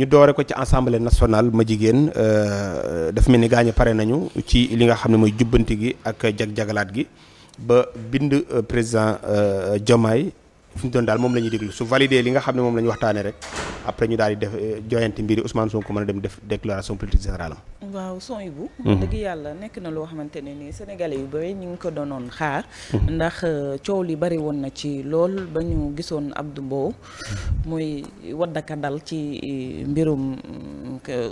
ñu doore ko ci assemblée nationale ma jigéen euh, daf mel ni gaañu pare nañu ci li nga xam ne mooy jubbanti gi ak jag-jagalaat gi ba bind euh, président euh, Diomaye fi ñu doon daal moom la ñuy déglu su validé li nga xam ne moom la ñu rek après ñu daal def euh, joyante mbiri Ousmane Sonko mën a dem def déclaration politique générale am. waaw son yu bu. Mhm. dëgg yàlla nekk na loo xamante ne nii sénégalais yu bëri ñu ngi ko doonoon xaar. Mhm. ndax euh, coow li bëri woon na ci lool ba ñu gisoon Abdou Mbow. muy waddaka dal ci euh, mbirum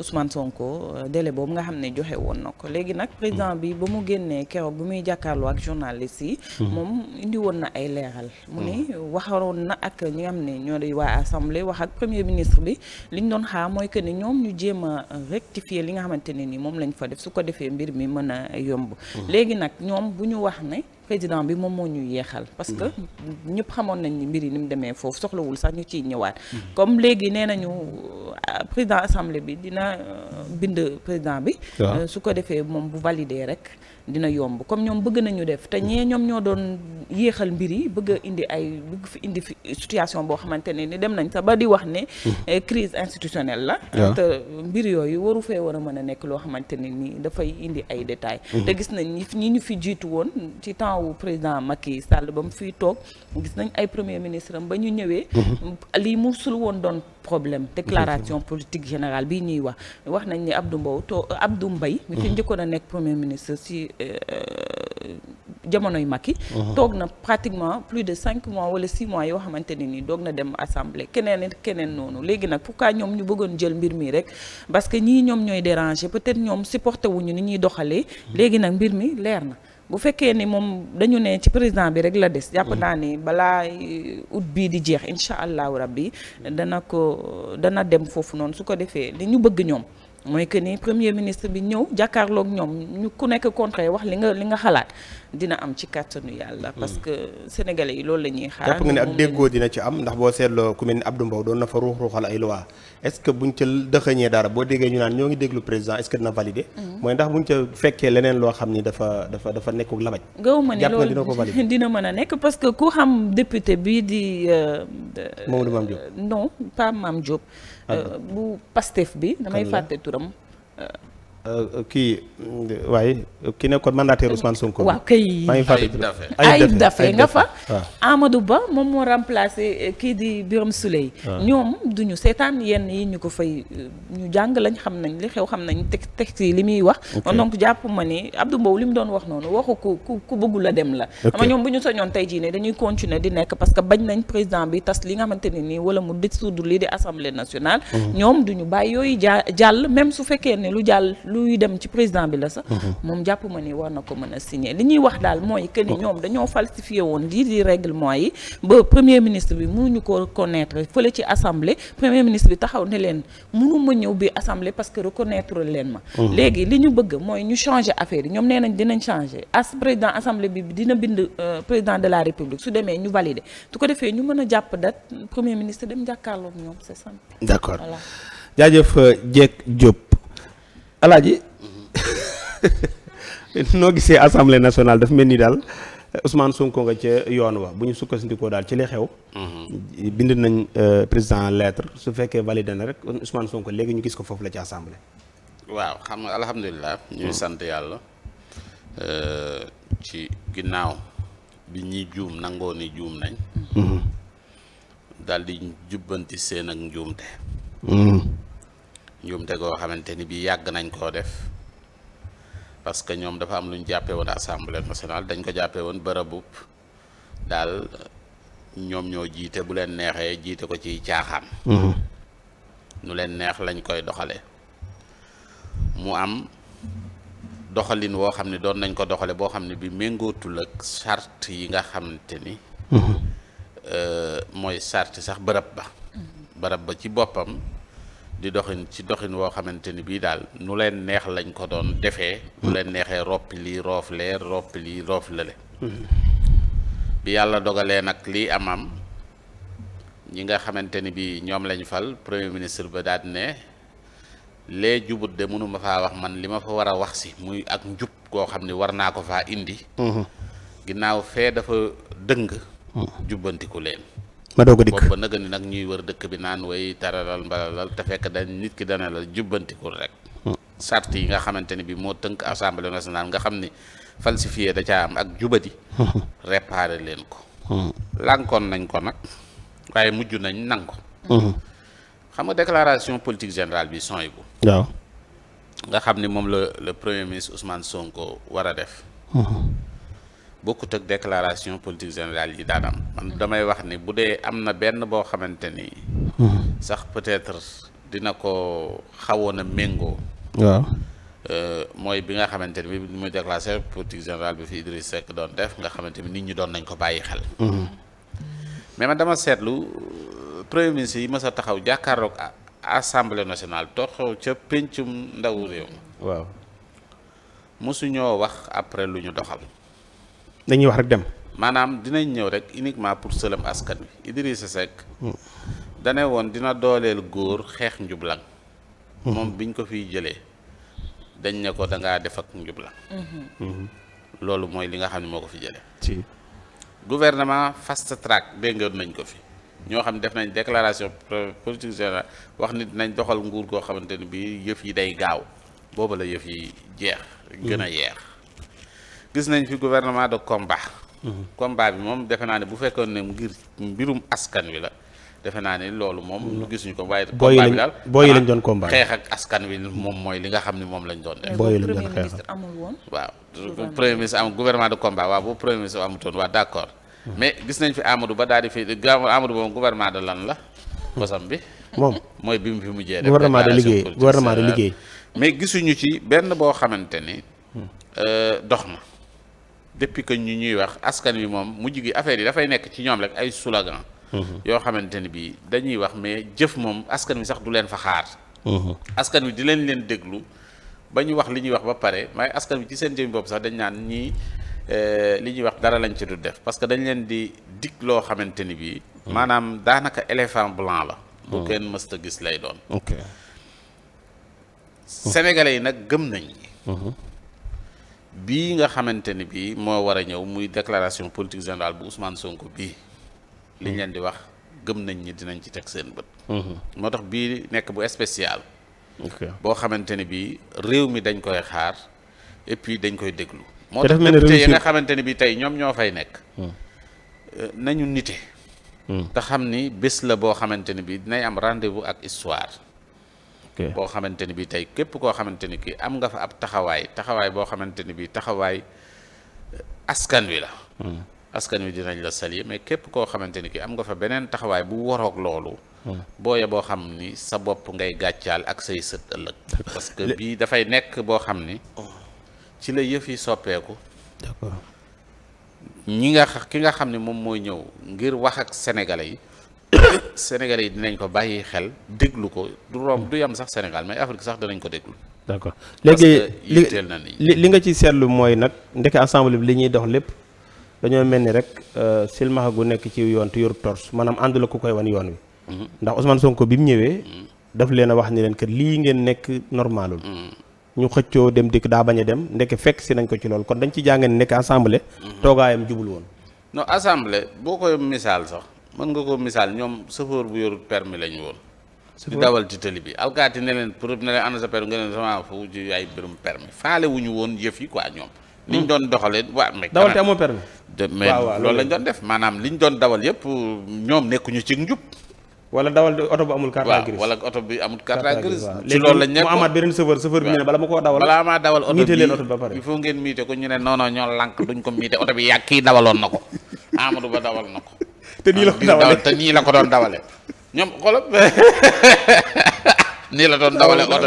Ousmane Sonko boo boobu nga xam ne joxe woon na ko léegi nag. président bi ba mu génnee keroog bu muy jàkkaarloo ak journaliste yi. Mhm. moom indi woon na ay leeral. taxaroon na ak ñi nga xam ne ñoo di waa assemblée wax ak premier ministre bi li ñu doon xaar mooy que ne ñoom ñu jéem a rectifier li nga xamante ne ni moom lañ fa def su ko defee mbir mi mën a yomb mm-hmm. léegi nag ñoom bu ñu wax ne président bi moom moo ñu yeexal parce que ñëpp xamoon nañ ni mbir yi ni mu demee foofu soxlawul sax ñu ciy ñëwaat comme léegi nee nañu euh, président assemblée bi dina euh, bind président bi euh, su ko defee moom bu valider rek dina yomb comme ñoom bëgg nañu def te ñee ñoom ñoo doon yéexal mbir yi bëgg indi ay bëgg fi indi fi situation boo xamante ne ni dem nañ sax ba di wax ne mm. crise institutionnelle la te mbir yooyu waru fee war a mën a nekk loo xamante ne ni dafay indi ay détails mm-hmm. wu président Macky Sall ba mu fiy toog gis nañ ay premier ministre am ba ñu ñëwee. Mhm. lii musul woon doon problème. déclaration politique générale bii ñuy wax wax nañ ni Abdou Mbow to Abdou Mbaye mi fi mhm. njëkkoon a nekk premier ministre si. Euh, jamonoy Macky mhm. toog na pratiquement plus de cinq mois wala six mois yoo xamante ne nii doog na dem assemblée keneen keneen noonu léegi nag pourquoi ñoom ñu bëggoon jël mbir mi rek parce que ñii ñoom ñooy déranger peut-être ñoom supporté wuñu ni ñuy doxalee léegi nag mbir mi leer na bu fekkee ni moom dañu ne ci président bi rek la des. jàpp mm-hmm. naa ni balaa août bii di jeex incha allahu rabbi dana ko dana dem foofu noonu su ko defee li ñu bëgg ñoom. mooy que ni premier ministre bi ñëw jàkkaarlook ñoom ñu ku nekk contrat wax li nga li nga xalaat dina am ci kàttanu yàlla. Hmm. parce que sénégalais yi loolu la ñuy xaar. jàpp nga ne ak déggoo dina ci am ndax boo seetloo ku mel ni Abdou Mbow doon na fa ruux ruuxal ay loi est ce que bu buñ ca dëxëñee dara boo déggee ñu naan ñoo ngi déglu président est ce que dina validé. Hmm. mooy ndax buñ ca fekkee leneen loo xam ni dafa dafa dafa nekkul labaj. gëw ma ne loolu dina mën a nekk parce que ku xam député bii di. Euh, Mamadou Mame Diop euh, non pas Mame Diop. Ah. Euh, bu Pastef bi damay fàtte turam. Euh, kii waaye ki nekkoon mandataire Ousmane Sonko. waaw kay Ayib Daffé nga fa. Amadou Ba moom moo remplacé eh, kii di Birame Souleye. ñoom du ñu seetaan yenn yi ñu ko fay eh, ñu jàng lañ xam nañ li xew xam nañ teg teg ci li muy wax. donc jàpp ma ni Abdou Mbow li mu doon wax noonu waxu ku ku ku bëggul a dem la. ama ñoom bu ñu soñoon tey jii ne dañuy continuer di nekk parce que bañ nañ président bi tas li nga xamante ne nii wala mu dissoudre lii di assemblée nationale. Mhm. ñoom su fekkee ne lu jàll. luy dem ci président bi la sax mhm. moom jàpp ma ni war na ko mën a signer li ñuy wax daal mooy que ni oh. ñoom dañoo falsifié woon lii di règlement yi ba premier ministre bi mënuñu ko reconnaître fële ci assemblée premier ministre bi taxaw ne leen ma ñëw bi assemblée parce que reconnaître leen ma mhm. léegi li ñu bëgg mooy ñu changer affaire yi ñoom nee nañ dinañ changer as président assemblée bi dina bind euh, président de la république su demee ñu valider su ko defee ñu mën a jàpp date premier ministre dem jàkkaarloog ñoom c'est simple d'accord jaajëf euh, Dieg Diop alaaji noo gisee assemblée nationale daf mel nii daal Ousmane Sonko nga ca yoon wa bu ñu sukkandikoo daal ci li xew. bind nañ euh, président lettre su fekkee validé na rek Ousmane Sonko léegi ñu gis ko foofu la ci assemblée. waaw xam alhamdulilah. ñuy sant yàlla. Euh, ci ginnaaw bi ñuy juum nangoo ni juum nañ. Mm-hmm. daal di jubbanti seen ak njuumte. Mm-hmm. njuumte goo xamante ni bii yàgg nañ koo def parce que ñoom dafa am lu ñu jàppee woon assemblée nationale dañ ko jàppee woon bërëbub daal ñoom ñoo jiite bu leen neexee jiite ko ci caaxaan. Mhm. nu leen neex lañ koy doxale mu am doxalin woo xam ne doon nañ ko doxale boo xam ne bi méngootul ak sart yi nga xamante ni. Mhm. Euh, mooy sart sax bërëb ba. Mhm. bërëb ba ci boppam. di doxin ci doxin woo xamante ni bii daal nu leen neex lañ ko doon defee nu mm. leen neexee roppi lii roof lee roppi lii roof lële mm-hmm. bi yàlla dogalee nag lii amam ñi nga xamante ni bii ñoom lañ fal premier ministre ba daal ne lee jubut de mënuma faa wax man li ma fa war a wax si muy ak njub koo xam ni war naa ko faa indi mm-hmm. ginnaaw fee dafa dëng mm. jubbantiku leen ma doog a dikk boobu nag nag ñuy wër dëkk bi naan way taralal mbalalal te fekk dañ nit ki dana la jubbantikul rek. Hmm. sart yi nga xamante ne bii moo tënk assemblée nationale nga xam ni falsifié da caa am ak jubadi. Hmm. réparé leen ko. Hmm. lànkoon nañ ko nag waaye mujj nañ nang ko. xam nga déclaration politique générale bi son bu waaw nga xam ni moom la le premier ministre Ousmane Sonko war a def. bokkut ak déclaration politique générale yi daan am man damay wax ni bu dee am na benn boo xamante ni. Mhm. sax peut-être dina ko xawoon a méngoo. waaw. Euh, mooy bi nga xamante ni bi muy déclaration politique générale bi fi Idriss Seck doon def nga xamante ni nit ñi doon nañ ko bàyyi xel. Mhm. mais man dama seetlu euh, premier ministre yi mës a taxaw jàkkaarloog assemblée nationale toog ca péncum ndawu réew. waaw mosu wax après lu ñu doxal. dañuy wax rek dem. maanaam dinañ ñëw rek uniquement pour sëlëm askan bi wi sa Seck. dane woon dina dooleel góor xeex njublang moom hmm. biñ ko fi jëlee dañ ne ko da def ak njublang hmm. loolu mooy li nga xam ne moo ko fi jëlee. ci gouvernement fast track déggoon nañ ko fi. ñoo xam def nañ déclaration politique générale wax nit nañ doxal nguur goo xamante ni bii yëf yi day gaaw booba la yëf yi jeex. gën a hmm. yeex. gis nañ fi gouvernement de combat. Mhm. combat bi moom defe naa ne bu fekkoon ne ngir mbirum askan wi la. defe naa ne loolu moom. Mm. gisuñu ko waaye. combat bi daal booy lañ ah, doon combat xeex ak askan wi moom mooy li nga xam ne moom lañ doon def. booy yi waaw premier de combat waaw bu premier ministre amutoon waaw d' accord. Mm. mais gis nañ fi Amadou Ba daal di fi Amadou moom gouvernement de lan la. bosam bi. moom mooy bi mu fi mujjee. gouvernement de liggéey gouvernement de liggéey. mais gisuñu ci benn boo xamante ni mm. euh, dox na. depuis que ñu ñuy wax askan wi moom mujj gi affaire yi dafay nekk ci ñoom rek ay slogan mhm. yoo xamante ni bi dañuy wax mais jëf moom askan wi sax du leen fa xaar mhm. askan wi di leen leen déglu ba ñu wax li ñuy wax ba pare may askan wi ci seen jëmi bopp sax dañ naan ñii euh, li ñuy wax dara lañ ci du def parce que dañ leen di dig loo xamante ni bi mhm. maanaam daanaka éléphant blanc la bu kenn mësta gis lay doon sénégalais yi nag gëm nañ bii nga xamante ni bii moo war a ñëw muy déclaration politique générale bu Ousmane Sonko bii. liñ leen di wax gëm nañ ni dinañ ci teg seen bët. Mhm. moo tax bii nekk bu spécial. boo xamante ni bii réew mi dañ koy xaar et puis dañ koy déglu. moo tax député yi nga xamante ni bii tey ñoom ñoo fay nekk. Hmm. Euh, nañu nite. Hmm. te xam ni bés la boo xamante ni bii dinay am rendez-vous ak histoire. boo xamante ni bi tey képp koo xamante ni kii am nga fa ab taxawaay taxawaay boo xamante ni bi taxawaay eh, askan wi la hmm. askan wi dinañ la saluer mais képp koo xamante ni ki am nga fa beneen taxawaay bu waroog loolu hmm. booye boo xam ni sa bopp ngay gàccaal ak say sët ëllëg parce que bii dafay nekk boo xam ni ci la yëf yi soppeeku ñi nga ki nga xam ne moom mooy ñëw ngir wax ak sénégalais yi Sénégalais yi dinañ ko bàyyi xel déglu ko du romb du yam sax Sénégal mais Afrique sax danañ ko déglu. d'accord léegi li li nga ci seetlu mooy nag ndeke assemblée bi li ñuy dox lépp dañoo mel ni rek euh, silmaxa gu nekk ci yoon te yor tors maanaam ànd la ku koy wan yoon wi. Mhm. ndax Ousmane ko bi mu ñëwee. Mhm. daf leen a wax ni leen que lii ngeen nekk normalul mhm. ñu xëccoo dem dikk daa bañ dem ndeke fekk si nañ ko ci loolu kon dañ ci jàngee ne nekk assemblée. toogaayam jubul woon. non boo koy misaal sax. mën nga ko misaal ñoom chauffeur bu yorul permis lañu woon. di dawal ci tëli bi alkaati ne pour ne leen ana sa permis nga leen sama fu ci ay mbirum permis faale wu ñu woon jëf yi quoi ñoom. li ñu hmm? doon doxalee waa mais. dawal te amoo doon def maanaam li ñu doon dawal yëpp ñoom nekkuñu ci njub. wala dawal oto bu amul carte grise oto bi amul carte grise ci loolu lañ nekk mu amaat beneen chauffeur chauffeur oto miite leen oto ngeen miite ko ñu ne non ñoo lànk duñ ko miite oto bi yàgg kii dawaloon na ko Amadou Ba dawal na ko te nii la ko ah, dawale te nii la ko doon dawale ñoom xoolal nii la doon dawale oto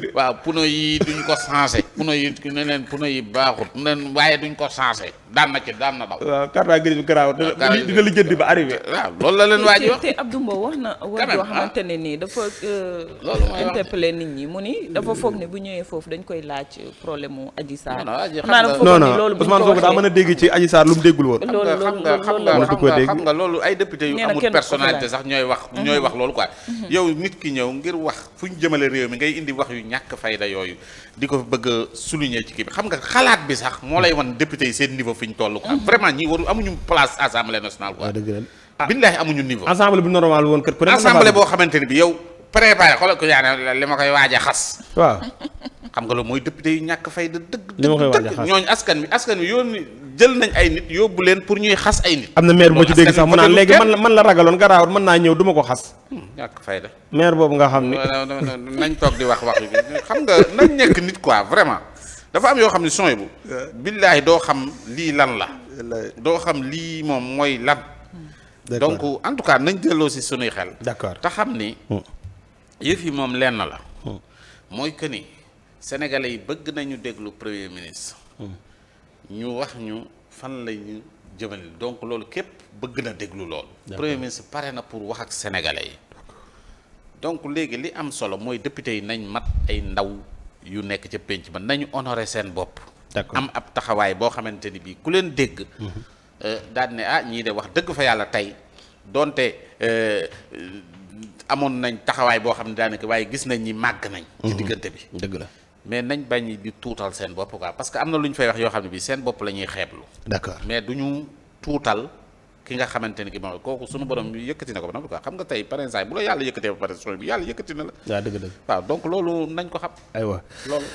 bi waaw puno yi duñ ko sensé puno yi ne leen puno yi baaxut ne waaye duñ ko sensé daan na ci daan na daw waaw carte grise bi garaaw dina lijjanti ba arrivé waaw loolu la leen waa ji wax te Abdou Mbow wax na wax joo ah. ne nii dafa euh, loolu mooy interpellé nit ñi mu ni dafa foog ne bu ñëwee foofu dañ koy laaj problème mu Adji Sarr non non loolu Ousmane Sonko daa mën a dégg ci Adji Sarr lu mu déggul woon xam nga xam nga xam nga loolu ay député yu amul personnalité sax ñooy wax mhm. ñooy wax loolu quoi mhm. yow nit ki ñëw ngir wax fu ñu jëmale réew mi ngay indi wax yu ñàkk fayda yooyu di ko bëgg a souligner ci kii bi xam nga xalaat bi sax moo lay wan député yi seen niveau fi ñu toll quoi mhm. vraiment ñi waru amuñu place assemblée nationale quoi ah, ah, billaahi amuñu niveau assemblée bu normal woon kër ku nekk assemblée boo xamante ni bi yow préparé xoolal ko yaa li ma koy waaj a xas waaw xam nga loolu mooy député yu ñàkk fayda dëgg dëgg ñooñu askan wi askan wi yoon jël nañ ay nit yóbbu leen pour ñuy xas ay nit. am na maire boo ci dégg sax mu naa léegi man la man la ragaloon garaawut mën naa ñëw du ma ko xas. Hmm, ñàkk fayda. maire boobu nga xam ni. nañ toog di wax wax xam nga nañ nekk nit quoi vraiment dafa am yoo xam ne sony bu. billaahi doo xam lii lan la. doo xam lii moom mooy lan. donc en tout cas nañ delloo si suñuy xel. d'accord te xam ni. Hmm. yëf yi moom lenn la. Hmm. mooy que ni sénégalais yi bëgg nañu déglu premier ministre. ñu wax ñu fan lañu jëmale donc loolu képp bëgg na déglu loolu premier ministre pare na pour wax ak sénégalais yi donc léegi li am solo mooy député yi nañ mat ay ndaw yu nekk ca pénc ba nañu honoré seen bopp am ab taxawaay boo xamante ni bii ku leen dégg mhm. euh, daal ne ah ñii de wax dëgg fa yàlla tey donte euh, amoon nañ taxawaay boo xam ne daanaka waaye gis nañ ñi màgg nañ ci mhm. diggante bi dëgg la mais nañ bañ di tuutal seen bopp quoi parce que am na lu ñu fay wax yoo xam ne bi seen bopp la ñuy xeeblu. d'accord mais du ñu tuutal ki nga xamante ne ki moom kooku suñu borom bi yëkkati na ko ba noppi quoi xam nga tey parrainage bu la yàlla yëkkatee ba pare bi yàlla yëkkati na la. waaw dëgg dëgg waaw donc loolu nañ ko xam. aywa loolu.